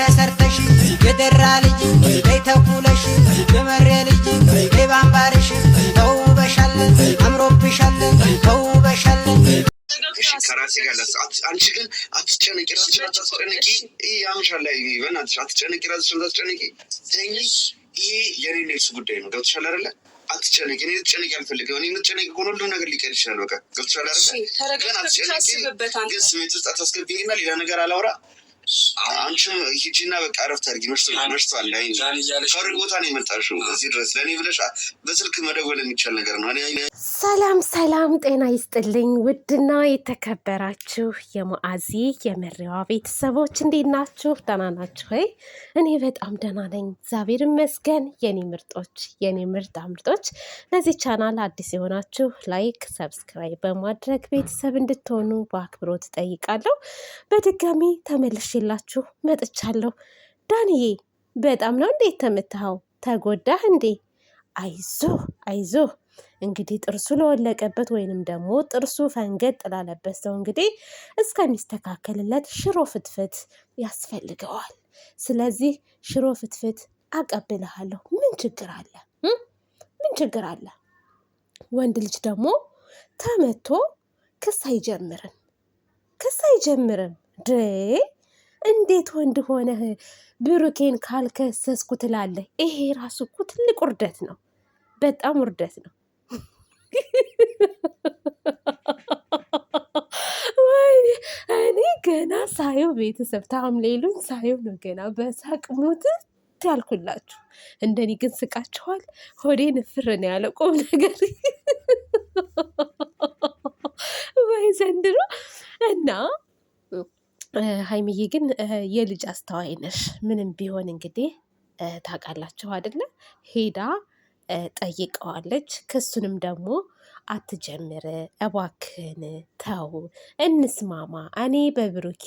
ተሰርተሽ የደራ ልጅ በይ ተኩለሽ የመሬ ልጅ በይ ባምባርሽ ተውበሻለን፣ አምሮብሻለን፣ ተውበሻለን። ከራሴ ጋር አንቺ ግን አትጨነቂ፣ ራስሽን አታስጨነቂ። ያምሻል ላይ በእናትሽ አትጨነቂ፣ ራስሽን አታስጨነቂ። ተኝሽ። የኔ የሱ ጉዳይ ነው። ገብቶሻል አይደለ? አትጨነቂ። እኔ ልትጨነቂ አልፈልግም። እኔ የምትጨነቂ ከሆነ ሁሉ ነገር ሊቀር ይችላል። በቃ ገብቶሻል አይደለ? ግን አትጨነቂ። ግን ስሜት ውስጥ አታስገብኝና ሌላ ነገር አላውራ አንቺም ሂጂና በቃ ረፍት አድርጊ። መሽቷል ቦታ ነው የመጣሽው እዚህ ድረስ ለእኔ ብለሽ በስልክ መደወል የሚቻል ነገር ነው። ሰላም ሰላም፣ ጤና ይስጥልኝ ውድና የተከበራችሁ የማአዚ የመሪዋ ቤተሰቦች እንዴት ናችሁ? ደህና ናችሁ ወይ? እኔ በጣም ደህና ነኝ እግዚአብሔር ይመስገን። የኔ ምርጦች፣ የኔ ምርጣ ምርጦች፣ ለዚህ ቻናል አዲስ የሆናችሁ ላይክ፣ ሰብስክራይብ በማድረግ ቤተሰብ እንድትሆኑ በአክብሮት ጠይቃለሁ። በድጋሚ ተመልሼ ይዤላችሁ መጥቻለሁ። ዳንዬ በጣም ነው እንዴት ተመታኸው? ተጎዳህ እንዴ? አይዞህ አይዞህ። እንግዲህ ጥርሱ ለወለቀበት ወይንም ደግሞ ጥርሱ ፈንገጥ ላለበት ሰው እንግዲህ እስከሚስተካከልለት ሽሮ ፍትፍት ያስፈልገዋል። ስለዚህ ሽሮ ፍትፍት አቀብልሃለሁ። ምን ችግር አለ? ምን ችግር አለ? ወንድ ልጅ ደግሞ ተመቶ ክስ አይጀምርም። ክስ አይጀምርም ድ እንዴት ወንድ ሆነህ ብሩኬን ካልከሰስኩ ትላለህ? ይሄ ራሱ እኮ ትልቅ ውርደት ነው፣ በጣም ውርደት ነው። እኔ ገና ሳየው ቤተሰብ ታምሌሉን ሳየው ነው ገና በሳቅ ሞት ያልኩላችሁ። እንደኔ ግን ስቃችኋል? ሆዴ ንፍር ነው ያለ ቁም ነገር ወይ ዘንድሮ እና ሀይሚዬ ግን የልጅ አስተዋይ ነሽ። ምንም ቢሆን እንግዲህ ታውቃላችሁ አይደለ? ሄዳ ጠይቀዋለች። ክሱንም ደግሞ አትጀምር እባክህን፣ ተው እንስማማ። እኔ በብሩኬ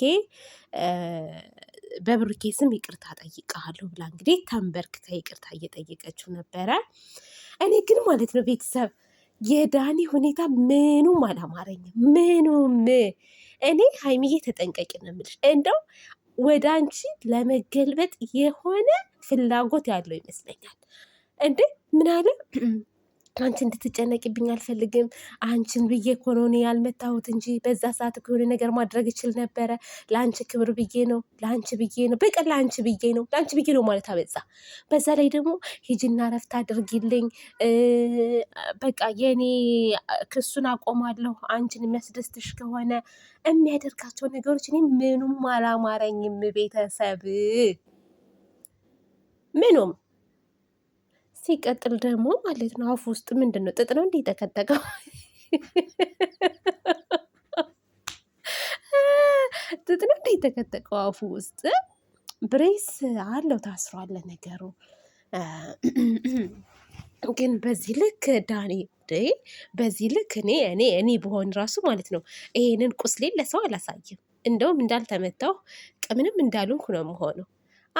በብሩኬ ስም ይቅርታ ጠይቀሃለሁ ብላ እንግዲህ ተንበርክካ ይቅርታ እየጠየቀችው ነበረ። እኔ ግን ማለት ነው ቤተሰብ የዳኒ ሁኔታ ምኑም አላማረኝም። ምኑም እኔ ሀይሚዬ ተጠንቀቂ ነው የምልሽ። እንደው ወደ አንቺ ለመገልበጥ የሆነ ፍላጎት ያለው ይመስለኛል። እንዴ ምን አለ አንቺ እንድትጨነቂብኝ አልፈልግም። አንቺን ብዬ እኮ ነው እኔ ያልመታሁት እንጂ በዛ ሰዓት እኮ የሆነ ነገር ማድረግ ይችል ነበረ። ለአንቺ ክብር ብዬ ነው፣ ለአንቺ ብዬ ነው፣ በቃ ለአንቺ ብዬ ነው፣ ለአንቺ ብዬ ነው ማለት አበዛ። በዛ ላይ ደግሞ ሂጂና ረፍት አድርጊልኝ፣ በቃ የኔ ክሱን አቆማለሁ። አንቺን የሚያስደስትሽ ከሆነ የሚያደርጋቸው ነገሮች እኔ ምኑም አላማረኝም። ቤተሰብ ምኑም ሲቀጥል ደግሞ ማለት ነው አፉ ውስጥ ምንድን ነው ጥጥ ነው እንዴ የተከተቀው ጥጥ ነው እንዴ የተከተቀው አፉ ውስጥ ብሬስ አለው ታስሯል ነገሩ ግን በዚህ ልክ ዳኔ በዚህ ልክ እኔ እኔ እኔ በሆን ራሱ ማለት ነው ይሄንን ቁስሌን ለሰው አላሳይም እንደውም እንዳልተመታሁ ቅምንም እንዳልሆንኩ ነው የምሆነው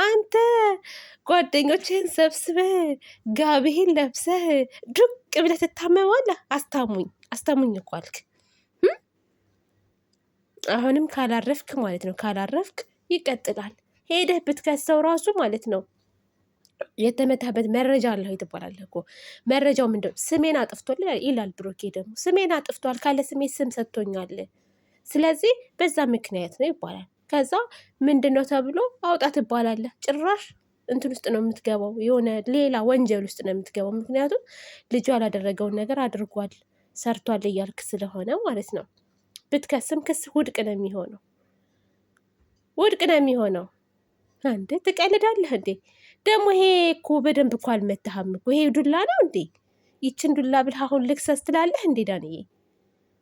አንተ ጓደኞችህን ሰብስበህ ጋቢህን ለብሰህ ዱቅ ብለህ ትታመማለህ። አስታሙኝ አስታሙኝ እኮ አልክ። አሁንም ካላረፍክ ማለት ነው፣ ካላረፍክ ይቀጥላል። ሄደህ ብትከሰው ራሱ ማለት ነው የተመታበት መረጃ አለሁ ትባላለህ እኮ። መረጃው ምንድን ነው? ስሜን አጥፍቷል ይላል ብሩኬ። ደግሞ ስሜን አጥፍቷል ካለ ስሜ ስም ሰጥቶኛል፣ ስለዚህ በዛ ምክንያት ነው ይባላል። ከዛ ምንድን ነው ተብሎ አውጣ ትባላለህ። ጭራሽ እንትን ውስጥ ነው የምትገባው፣ የሆነ ሌላ ወንጀል ውስጥ ነው የምትገባው። ምክንያቱም ልጁ ያላደረገውን ነገር አድርጓል፣ ሰርቷል እያልክ ስለሆነ ማለት ነው። ብትከስም ክስ ውድቅ ነው የሚሆነው፣ ውድቅ ነው የሚሆነው። አንዴ ትቀልዳለህ እንዴ? ደግሞ ይሄ እኮ በደንብ እኮ አልመታህም እኮ ይሄ ዱላ ነው እንዴ? ይችን ዱላ ብልህ አሁን ልክሰስ ትላለህ እንዴ ዳንዬ?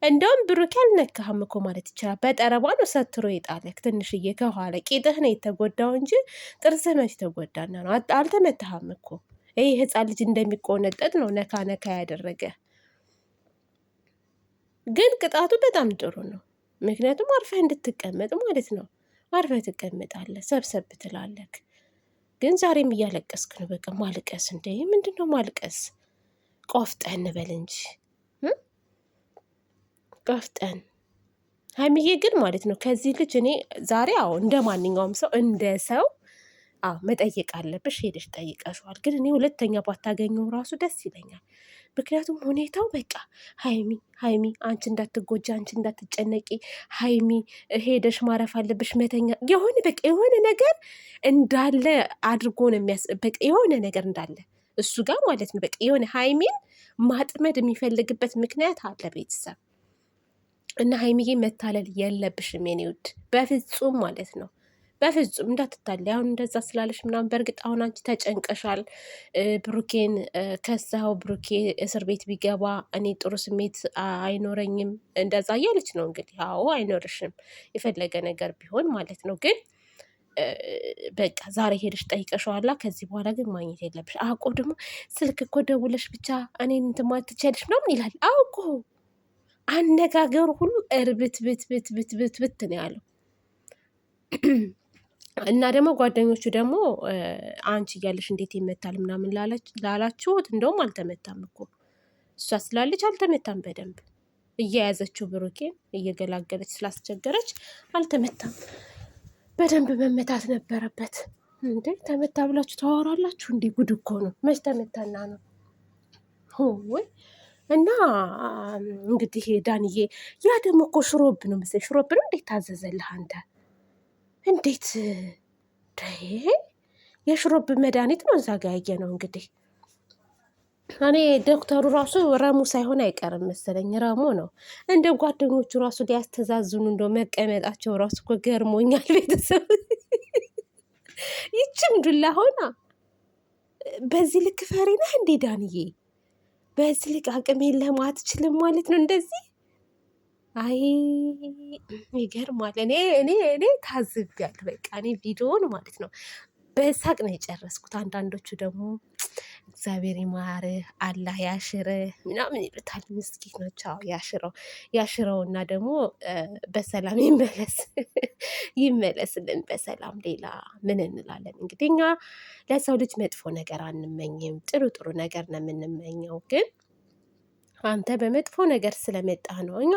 እንደውም ብሩኬ አልነካህም እኮ ማለት ይችላል። በጠረባ ነው ሰትሮ የጣለክ ትንሽዬ ከኋላ ቂጥህ ነው የተጎዳው እንጂ ጥርስህ መች ተጎዳና ነው? አልተመታህም እኮ ይህ ህፃን ልጅ እንደሚቆነጠጥ ነው ነካ ነካ ያደረገ። ግን ቅጣቱ በጣም ጥሩ ነው። ምክንያቱም አርፈህ እንድትቀመጥ ማለት ነው። አርፈህ ትቀመጣለህ፣ ሰብሰብ ትላለክ። ግን ዛሬም እያለቀስክ ነው። በቃ ማልቀስ እንደ ምንድን ነው ማልቀስ? ቆፍጠን በል እንጂ ጋፍጠን ሀይሚዬ ግን ማለት ነው ከዚህ ልጅ እኔ ዛሬ አዎ እንደ ማንኛውም ሰው እንደ ሰው መጠየቅ አለብሽ። ሄደሽ ጠይቀሽዋል። ግን እኔ ሁለተኛ ባታገኘው ራሱ ደስ ይለኛል። ምክንያቱም ሁኔታው በቃ ሀይሚ ሀይሚ አንቺ እንዳትጎጂ፣ አንቺ እንዳትጨነቂ፣ ሀይሚ ሄደሽ ማረፍ አለብሽ መተኛ የሆነ በቃ የሆነ ነገር እንዳለ አድርጎ ነው የሚያስ በቃ የሆነ ነገር እንዳለ እሱ ጋር ማለት ነው በቃ የሆነ ሀይሚን ማጥመድ የሚፈልግበት ምክንያት አለ ቤተሰብ እና ሀይሚዬ መታለል የለብሽም የኔ ውድ በፍጹም ማለት ነው። በፍጹም እንዳትታለ አሁን እንደዛ ስላለሽ ምናምን በእርግጥ አሁን አንቺ ተጨንቀሻል። ብሩኬን ከሳው ብሩኬ እስር ቤት ቢገባ እኔ ጥሩ ስሜት አይኖረኝም እንደዛ እያለች ነው እንግዲህ። አዎ አይኖርሽም፣ የፈለገ ነገር ቢሆን ማለት ነው። ግን በቃ ዛሬ ሄደሽ ጠይቀሸዋላ። ከዚህ በኋላ ግን ማግኘት የለብሽ። አቆ ደግሞ ስልክ እኮ ደውለሽ ብቻ እኔን እንትን ማለት ትችያለሽ ምናምን ይላል። አውቆ አነጋገሩ ሁሉ እርብት ብት ብት ብት ብት ብት ነው ያለው። እና ደግሞ ጓደኞቹ ደግሞ አንቺ እያለሽ እንዴት ይመታል ምናምን ላላችሁት፣ እንደውም አልተመታም እኮ እሷ ስላለች አልተመታም። በደንብ እየያዘችው ብሩኬን እየገላገለች ስላስቸገረች አልተመታም። በደንብ መመታት ነበረበት። እንዴ ተመታ ብላችሁ ታወራላችሁ? እንዲህ ጉድ እኮ ነው። መች ተመታና ነው ወይ እና እንግዲህ ዳንዬ ያ ደግሞ እኮ ሽሮብ ነው መሰለኝ። ሽሮብ ነው እንዴት ታዘዘልህ አንተ? እንዴት የሽሮብ መድኃኒት ነው እዛ ጋ ያየ ነው እንግዲህ እኔ ዶክተሩ ራሱ ረሙ ሳይሆን አይቀርም መሰለኝ፣ ረሙ ነው። እንደ ጓደኞቹ ራሱ ሊያስተዛዝኑ እንደ መቀመጣቸው ራሱ እኮ ገርሞኛል። ቤተሰብ ይችም ዱላ ሆና በዚህ ልክ ፈሪ ነህ እንዴ ዳንዬ? በዚህ ልቅ አቅም የለህም አትችልም ማለት ነው እንደዚህ አይ ይገርማል። እኔ እኔ እኔ ታዝቤያለሁ። በቃ እኔ ቪዲዮውን ማለት ነው በሳቅ ነው የጨረስኩት። አንዳንዶቹ ደግሞ እግዚአብሔር ይማርህ፣ አላህ ያሽርህ ምናምን ይሉታል። ምስኪን ናቸው። ያሽረው እና ደግሞ በሰላም ይመለስ ይመለስልን በሰላም። ሌላ ምን እንላለን እንግዲህ። እኛ ለሰው ልጅ መጥፎ ነገር አንመኝም፣ ጥሩ ጥሩ ነገር ነው የምንመኘው። ግን አንተ በመጥፎ ነገር ስለመጣ ነው እኛ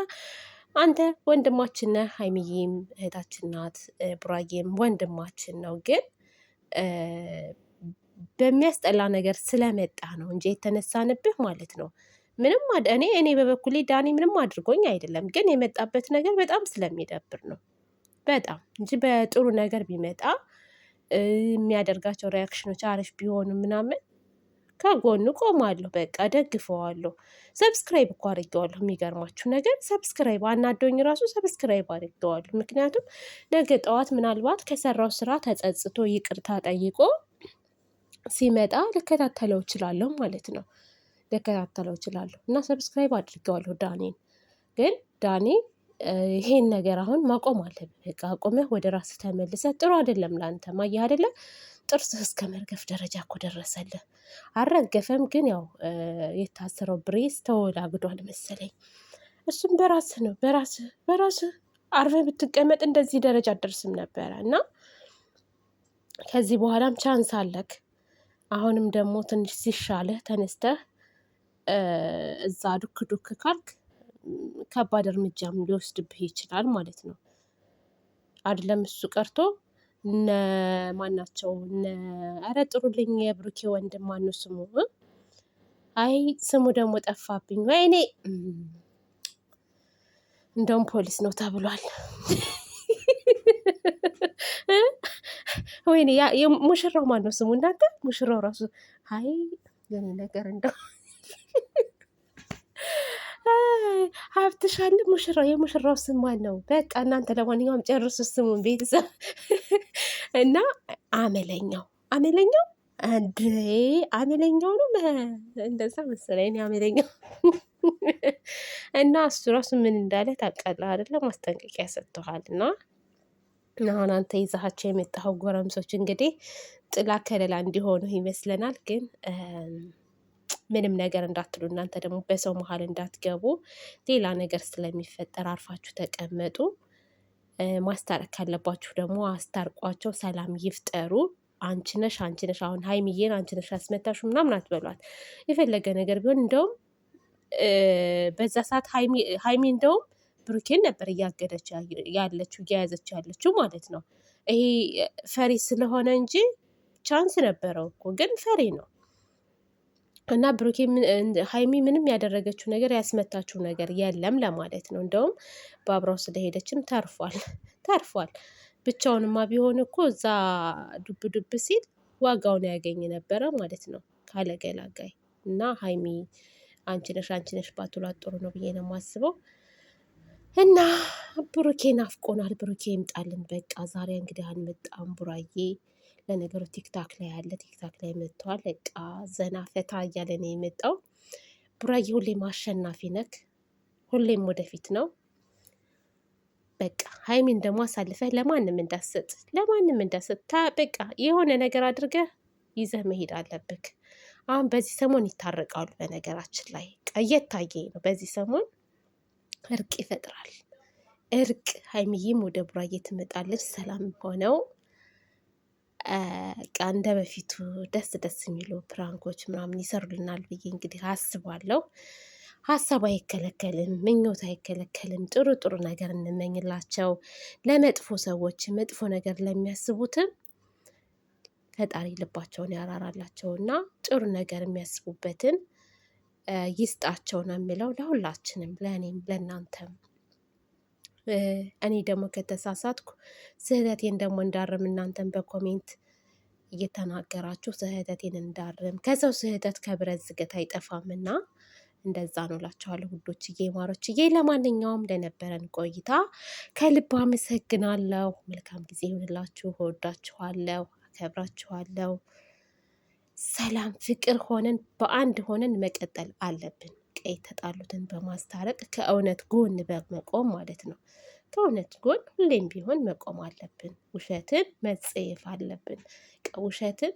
አንተ ወንድማችን ነህ፣ ሀይሚዬም እህታችን ናት፣ ቡራጌም ወንድማችን ነው ግን በሚያስጠላ ነገር ስለመጣ ነው እንጂ የተነሳንብህ ማለት ነው። ምንም እኔ እኔ በበኩሌ ዳኒ ምንም አድርጎኝ አይደለም፣ ግን የመጣበት ነገር በጣም ስለሚደብር ነው። በጣም እንጂ በጥሩ ነገር ቢመጣ የሚያደርጋቸው ሪያክሽኖች አሪፍ ቢሆኑ ምናምን ከጎኑ ቆማለሁ፣ በቃ ደግፈዋለሁ። ሰብስክራይብ እኮ አድርጌዋለሁ። የሚገርማችሁ ነገር ሰብስክራይብ አናዶኝ ራሱ ሰብስክራይብ አድርጌዋለሁ። ምክንያቱም ነገ ጠዋት ምናልባት ከሰራው ስራ ተጸጽቶ ይቅርታ ጠይቆ ሲመጣ ልከታተለው እችላለሁ ማለት ነው። ልከታተለው እችላለሁ እና ሰብስክራይብ አድርገዋለሁ ዳኒን ግን ዳኒ ይሄን ነገር አሁን ማቆም አለብህ። በቃ አቁመህ ወደ ራስህ ተመልሰህ ጥሩ አይደለም ለአንተ አየህ አይደለ ጥርስህ እስከ መርገፍ ደረጃ እኮ ደረሰልህ። አልረገፈም፣ ግን ያው የታሰረው ብሬስ ተወላግዷል መሰለኝ። እሱም በራስህ ነው በራስህ በራስህ አርፈህ ብትቀመጥ እንደዚህ ደረጃ አደርስም ነበረ እና ከዚህ በኋላም ቻንስ አለክ አሁንም ደግሞ ትንሽ ሲሻልህ ተነስተህ እዛ ዱክ ዱክ ካልክ ከባድ እርምጃም ሊወስድብህ ይችላል ማለት ነው። አይደለም እሱ ቀርቶ እነ ማናቸው እነ ኧረ ጥሩልኝ የብሩኬ ወንድም ማነው ስሙ? አይ ስሙ ደግሞ ጠፋብኝ። ወይኔ እንደውም ፖሊስ ነው ተብሏል። ወይኔ ሙሽራው ማን ነው ስሙ? እናንተ ሙሽራው ራሱ ሀይ የኔ ነገር እንደው ሀብትሻል ሙሽራው የሙሽራው ስም ማን ነው? በቃ እናንተ ለማንኛውም ጨርሱ ስሙን ቤተሰብ እና አመለኛው አመለኛው እንዴ አመለኛው ነው እንደዛ መሰለኝ። እኔ አመለኛው እና እሱ ራሱ ምን እንዳለ ታውቃለህ አይደለ? ማስጠንቀቂያ ሰጥተዋል እና አሁን አንተ ይዛሃቸው የመጣኸው ጎረምሶች እንግዲህ ጥላ ከለላ እንዲሆኑ ይመስለናል። ግን ምንም ነገር እንዳትሉ እናንተ ደግሞ በሰው መሀል እንዳትገቡ፣ ሌላ ነገር ስለሚፈጠር አርፋችሁ ተቀመጡ። ማስታረቅ ካለባችሁ ደግሞ አስታርቋቸው፣ ሰላም ይፍጠሩ። አንችነሽ አንችነሽ አሁን ሀይሚዬን አንችነሽ ያስመታሹ ምናምን አትበሏት። የፈለገ ነገር ቢሆን እንደውም በዛ ሰዓት ሀይሚ እንደውም ብሩኬን ነበር እያገደች ያለችው እያያዘች ያለችው ማለት ነው። ይሄ ፈሪ ስለሆነ እንጂ ቻንስ ነበረው እኮ ግን ፈሪ ነው። እና ብሩኬ ሀይሚ ምንም ያደረገችው ነገር ያስመታችው ነገር የለም ለማለት ነው። እንደውም በአብራው ስለሄደችም ተርፏል ተርፏል። ብቻውንማ ቢሆን እኮ እዛ ዱብ ዱብ ሲል ዋጋውን ያገኝ ነበረ ማለት ነው ካለገላጋይ እና ሀይሚ አንቺ ነሽ አንቺ ነሽ ባትሏት ጥሩ ነው ብዬ ነው የማስበው። እና ብሩኬ ናፍቆናል። ብሩኬ ይምጣልን። በቃ ዛሬ እንግዲህ አንመጣም። ቡራዬ ለነገሩ ቲክታክ ላይ ያለ ቲክታክ ላይ መጥተዋል። በቃ ዘና ፈታ እያለ ነው የመጣው። ቡራዬ ሁሌም አሸናፊ ነክ፣ ሁሌም ወደፊት ነው። በቃ ሀይሚን ደግሞ አሳልፈህ ለማንም እንዳሰጥ ለማንም እንዳሰጥ በቃ የሆነ ነገር አድርገህ ይዘህ መሄድ አለብህ። አሁን በዚህ ሰሞን ይታረቃሉ። በነገራችን ላይ ቀየት ታየ ነው በዚህ ሰሞን እርቅ ይፈጥራል። እርቅ ሀይሚዬም ወደ ቡራዬ ትመጣለች። ሰላም ሆነው እንደ በፊቱ ደስ ደስ የሚሉ ፕራንኮች ምናምን ይሰሩልናል ብዬ እንግዲህ አስባለሁ። ሀሳብ አይከለከልም፣ ምኞት አይከለከልም። ጥሩ ጥሩ ነገር እንመኝላቸው። ለመጥፎ ሰዎች መጥፎ ነገር ለሚያስቡትም ፈጣሪ ልባቸውን ያራራላቸውና ጥሩ ነገር የሚያስቡበትን ይስጣቸው ነው የሚለው ለሁላችንም፣ ለእኔም ለእናንተም። እኔ ደግሞ ከተሳሳትኩ ስህተቴን ደግሞ እንዳርም እናንተን በኮሜንት እየተናገራችሁ ስህተቴን እንዳርም። ከሰው ስህተት ከብረት ዝገት አይጠፋምና እንደዛ ነው ላችኋለሁ ውዶችዬ፣ ማሮችዬ። ለማንኛውም ለነበረን ቆይታ ከልብ አመሰግናለሁ። መልካም ጊዜ ይሁንላችሁ። እወዳችኋለሁ፣ አከብራችኋለሁ። ሰላም ፍቅር ሆነን በአንድ ሆነን መቀጠል አለብን። ቀይ ተጣሉትን በማስታረቅ ከእውነት ጎን በመቆም ማለት ነው። ከእውነት ጎን ሁሌም ቢሆን መቆም አለብን። ውሸትን መጸየፍ አለብን። ውሸትን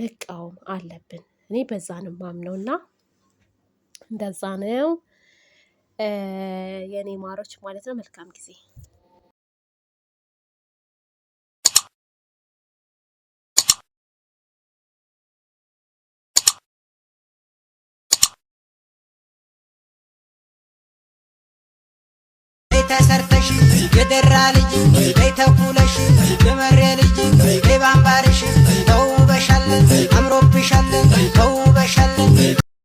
መቃወም አለብን። እኔ በዛ ነው ማምነው እና እንደዛ ነው የእኔ ማሮች ማለት ነው። መልካም ጊዜ ተሰርተሽ የደራ ልጅ በይ የመሬ ልጅ በይ ባምባርሽ ተውበሻለን